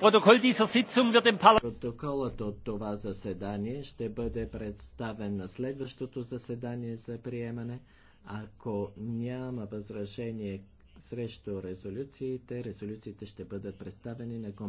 Протоколът от това заседание ще бъде представен на следващото заседание за приемане. Ако няма възражение срещу резолюциите, резолюциите ще бъдат представени на компетентността.